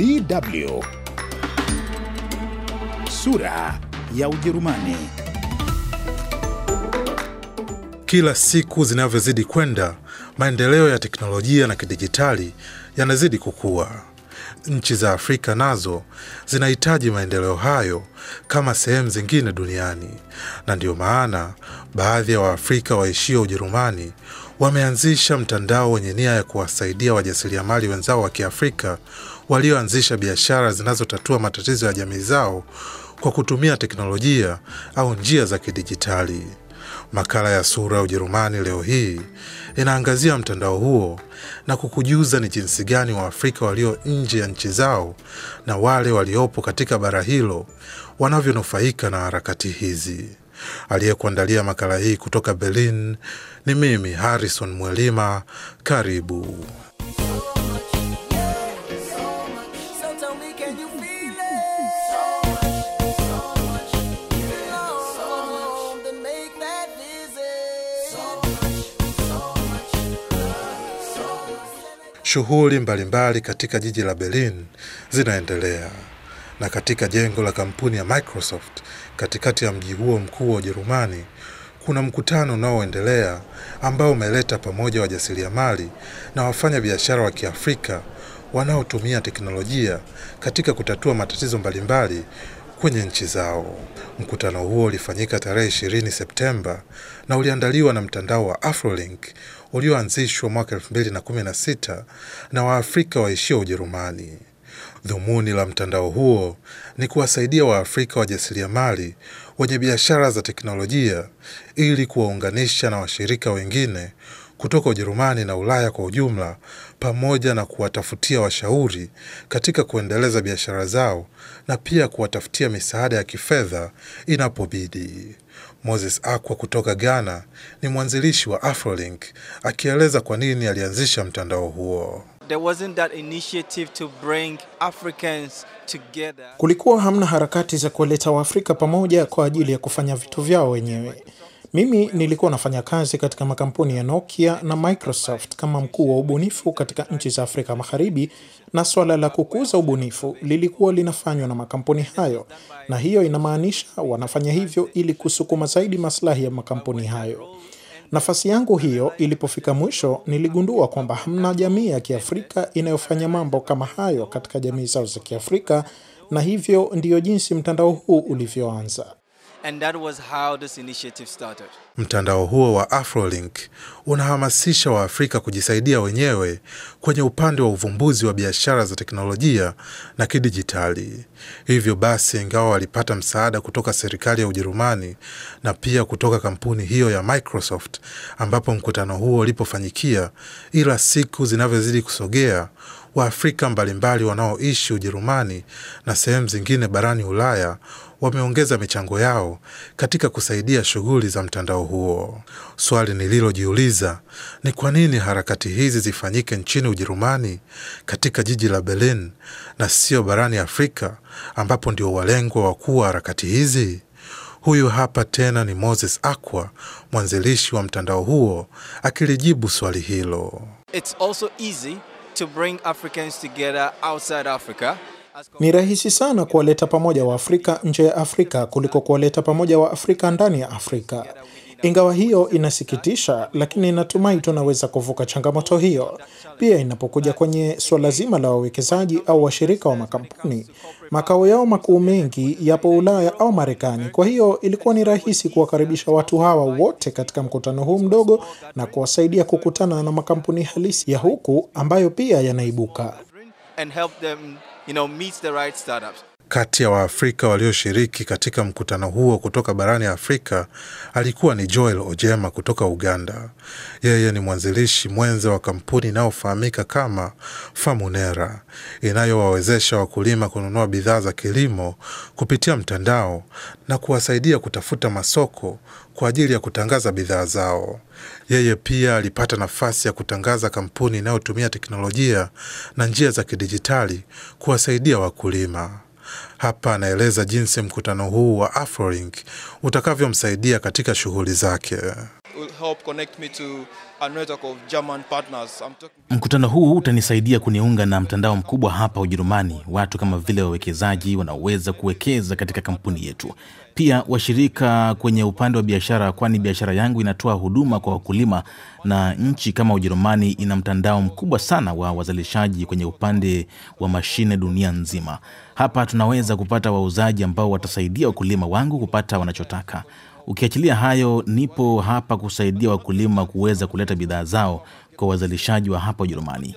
DW sura ya Ujerumani. Kila siku zinavyozidi kwenda, maendeleo ya teknolojia na kidijitali yanazidi kukua. Nchi za Afrika nazo zinahitaji maendeleo hayo kama sehemu zingine duniani, na ndiyo maana baadhi ya Waafrika waishio Ujerumani wameanzisha mtandao wenye nia ya kuwasaidia wajasiriamali wenzao wa Kiafrika walioanzisha biashara zinazotatua matatizo ya jamii zao kwa kutumia teknolojia au njia za kidijitali. Makala ya Sura ya Ujerumani leo hii inaangazia mtandao huo na kukujuza ni jinsi gani Waafrika walio nje ya nchi zao na wale waliopo katika bara hilo wanavyonufaika na harakati hizi. Aliyekuandalia makala hii kutoka Berlin ni mimi Harrison Mwelima. Karibu. Shughuli mbalimbali katika jiji la Berlin zinaendelea na katika jengo la kampuni ya Microsoft katikati ya mji huo mkuu wa Ujerumani kuna mkutano unaoendelea ambao umeleta pamoja wajasiriamali na wafanya biashara wa Kiafrika wanaotumia teknolojia katika kutatua matatizo mbalimbali kwenye nchi zao. Mkutano huo ulifanyika tarehe 20 Septemba na uliandaliwa na mtandao wa Afrolink ulioanzishwa mwaka 2016 na Waafrika waishio Ujerumani. Dhumuni la mtandao huo ni kuwasaidia Waafrika wajasiriamali wenye biashara za teknolojia ili kuwaunganisha na washirika wengine kutoka Ujerumani na Ulaya kwa ujumla pamoja na kuwatafutia washauri katika kuendeleza biashara zao na pia kuwatafutia misaada ya kifedha inapobidi. Moses Akwa kutoka Ghana ni mwanzilishi wa Afrolink akieleza kwa nini alianzisha mtandao huo there wasn't that initiative to bring Africans together. Kulikuwa hamna harakati za kuwaleta Waafrika pamoja kwa ajili ya kufanya vitu vyao wenyewe. Mimi nilikuwa nafanya kazi katika makampuni ya Nokia na Microsoft kama mkuu wa ubunifu katika nchi za Afrika Magharibi, na swala la kukuza ubunifu lilikuwa linafanywa na makampuni hayo, na hiyo inamaanisha wanafanya hivyo ili kusukuma zaidi maslahi ya makampuni hayo. Nafasi yangu hiyo ilipofika mwisho, niligundua kwamba hamna jamii ya Kiafrika inayofanya mambo kama hayo katika jamii zao za Kiafrika, na hivyo ndiyo jinsi mtandao huu ulivyoanza. And that was how this initiative started. Mtandao huo wa Afrolink unahamasisha Waafrika kujisaidia wenyewe kwenye upande wa uvumbuzi wa biashara za teknolojia na kidijitali. Hivyo basi, ingawa walipata msaada kutoka serikali ya Ujerumani na pia kutoka kampuni hiyo ya Microsoft ambapo mkutano huo ulipofanyikia, ila siku zinavyozidi kusogea Waafrika mbalimbali wanaoishi Ujerumani na sehemu zingine barani Ulaya wameongeza michango yao katika kusaidia shughuli za mtandao huo. Swali nililojiuliza ni kwa nini harakati hizi zifanyike nchini Ujerumani, katika jiji la Berlin na sio barani Afrika ambapo ndio walengwa wakuu wa harakati hizi. Huyu hapa tena ni Moses Akwa, mwanzilishi wa mtandao huo, akilijibu swali hilo. It's also easy to bring Africans together outside Africa. Ni rahisi sana kuwaleta pamoja Waafrika nje ya Afrika kuliko kuwaleta pamoja Waafrika ndani ya Afrika. Ingawa hiyo inasikitisha, lakini natumai tunaweza kuvuka changamoto hiyo. Pia inapokuja kwenye suala zima la wawekezaji au washirika wa makampuni, makao yao makuu mengi yapo Ulaya au Marekani. Kwa hiyo ilikuwa ni rahisi kuwakaribisha watu hawa wote katika mkutano huu mdogo na kuwasaidia kukutana na makampuni halisi ya huku ambayo pia yanaibuka. And help them, you know, meet the right startups kati ya Waafrika walioshiriki katika mkutano huo kutoka barani Afrika alikuwa ni Joel Ojema kutoka Uganda. Yeye ni mwanzilishi mwenza wa kampuni inayofahamika kama Famunera inayowawezesha wakulima kununua bidhaa za kilimo kupitia mtandao na kuwasaidia kutafuta masoko kwa ajili ya kutangaza bidhaa zao. Yeye pia alipata nafasi ya kutangaza kampuni inayotumia teknolojia na njia za kidijitali kuwasaidia wakulima. Hapa anaeleza jinsi mkutano huu wa AfroLink utakavyomsaidia katika shughuli zake help connect me to a network of German partners. I'm talking... Mkutano huu utanisaidia kuniunga na mtandao mkubwa hapa Ujerumani, watu kama vile wawekezaji wanaweza kuwekeza katika kampuni yetu, pia washirika kwenye upande wa biashara, kwani biashara yangu inatoa huduma kwa wakulima, na nchi kama Ujerumani ina mtandao mkubwa sana wa wazalishaji kwenye upande wa mashine dunia nzima. Hapa tunaweza kupata wauzaji ambao watasaidia wakulima wangu kupata wanachotaka. Ukiachilia hayo, nipo hapa kusaidia wakulima kuweza kuleta bidhaa zao kwa wazalishaji wa hapa Ujerumani.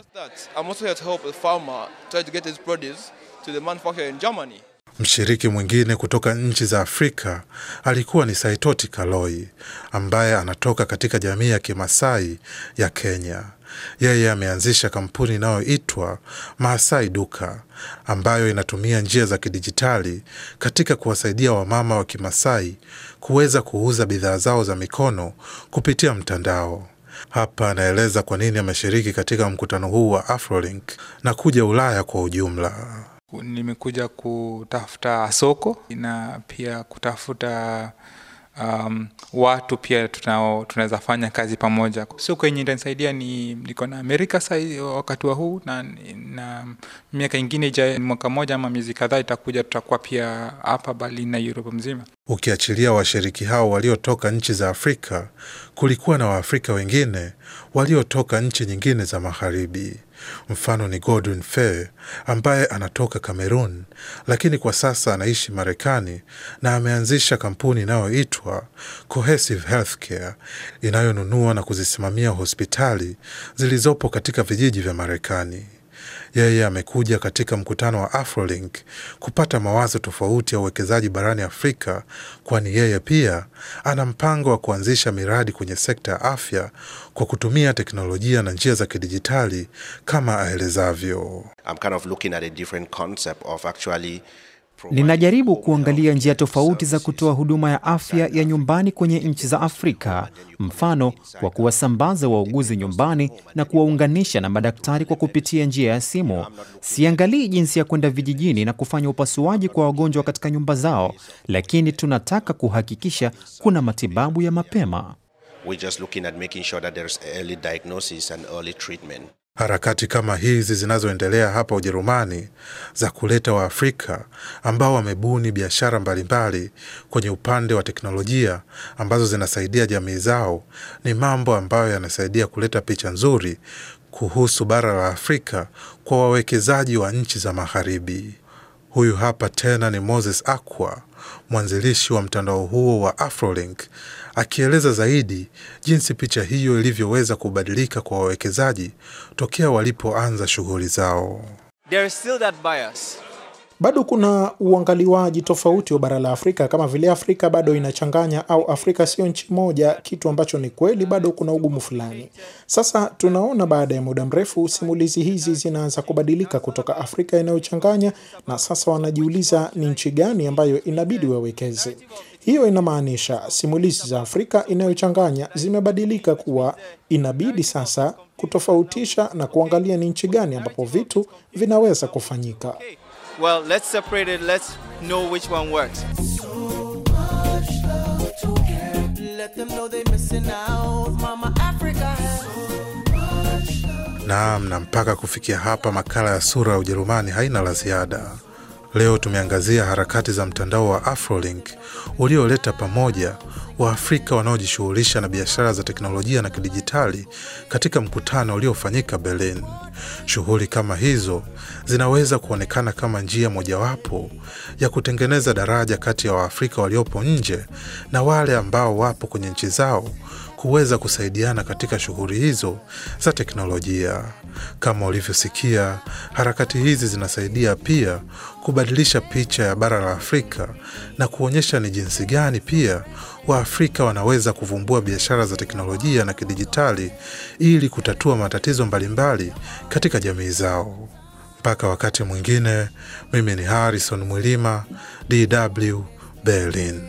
Mshiriki mwingine kutoka nchi za Afrika alikuwa ni Saitoti Kaloi ambaye anatoka katika jamii ya Kimasai ya Kenya yeye ameanzisha kampuni inayoitwa Maasai Duka ambayo inatumia njia za kidijitali katika kuwasaidia wamama wa Kimasai kuweza kuuza bidhaa zao za mikono kupitia mtandao. Hapa anaeleza kwa nini ameshiriki katika mkutano huu wa Afrolink na kuja Ulaya kwa ujumla. Nimekuja kutafuta soko na pia kutafuta um, watu pia tunaweza fanya kazi pamoja. So kwenye itanisaidia ni niko na Amerika sa wakati wa huu na, na miaka ingine ija mwaka mmoja ama miezi kadhaa itakuja, tutakuwa pia hapa Berlin na Europe mzima. Ukiachilia washiriki hao waliotoka nchi za Afrika, kulikuwa na Waafrika wengine waliotoka nchi nyingine za magharibi. Mfano ni Godwin Faye ambaye anatoka Cameroon lakini kwa sasa anaishi Marekani na ameanzisha kampuni inayoitwa Cohesive Healthcare inayonunua na kuzisimamia hospitali zilizopo katika vijiji vya Marekani. Yeye amekuja katika mkutano wa Afrolink kupata mawazo tofauti ya uwekezaji barani Afrika, kwani yeye pia ana mpango wa kuanzisha miradi kwenye sekta ya afya kwa kutumia teknolojia na njia za kidijitali kama aelezavyo. Ninajaribu kuangalia njia tofauti za kutoa huduma ya afya ya nyumbani kwenye nchi za Afrika, mfano kwa kuwasambaza wauguzi nyumbani na kuwaunganisha na madaktari kwa kupitia njia ya simu. Siangalii jinsi ya kwenda vijijini na kufanya upasuaji kwa wagonjwa katika nyumba zao, lakini tunataka kuhakikisha kuna matibabu ya mapema. Harakati kama hizi zinazoendelea hapa Ujerumani za kuleta Waafrika ambao wamebuni biashara mbalimbali kwenye upande wa teknolojia ambazo zinasaidia jamii zao ni mambo ambayo yanasaidia kuleta picha nzuri kuhusu bara la Afrika kwa wawekezaji wa nchi za Magharibi. Huyu hapa tena ni Moses Akwa mwanzilishi wa mtandao huo wa Afrolink, akieleza zaidi jinsi picha hiyo ilivyoweza kubadilika kwa wawekezaji tokea walipoanza shughuli zao. There is still that bias. Bado kuna uangaliwaji tofauti wa bara la Afrika, kama vile Afrika bado inachanganya au Afrika sio nchi moja, kitu ambacho ni kweli, bado kuna ugumu fulani. Sasa tunaona baada ya muda mrefu simulizi hizi zinaanza kubadilika kutoka Afrika inayochanganya, na sasa wanajiuliza ni nchi gani ambayo inabidi wawekeze. Hiyo inamaanisha simulizi za Afrika inayochanganya zimebadilika kuwa inabidi sasa kutofautisha na kuangalia ni nchi gani ambapo vitu vinaweza kufanyika well, let's separate it, let's know which one works. Naam, na mpaka kufikia hapa, makala ya Sura ya Ujerumani haina la ziada. Leo tumeangazia harakati za mtandao wa Afrolink ulioleta pamoja Waafrika wanaojishughulisha na biashara za teknolojia na kidijitali katika mkutano uliofanyika Berlin. Shughuli kama hizo zinaweza kuonekana kama njia mojawapo ya kutengeneza daraja kati ya Waafrika waliopo nje na wale ambao wapo kwenye nchi zao huweza kusaidiana katika shughuli hizo za teknolojia. Kama ulivyosikia, harakati hizi zinasaidia pia kubadilisha picha ya bara la Afrika na kuonyesha ni jinsi gani pia Waafrika wanaweza kuvumbua biashara za teknolojia na kidijitali ili kutatua matatizo mbalimbali katika jamii zao. Mpaka wakati mwingine, mimi ni Harrison Mwilima, DW Berlin.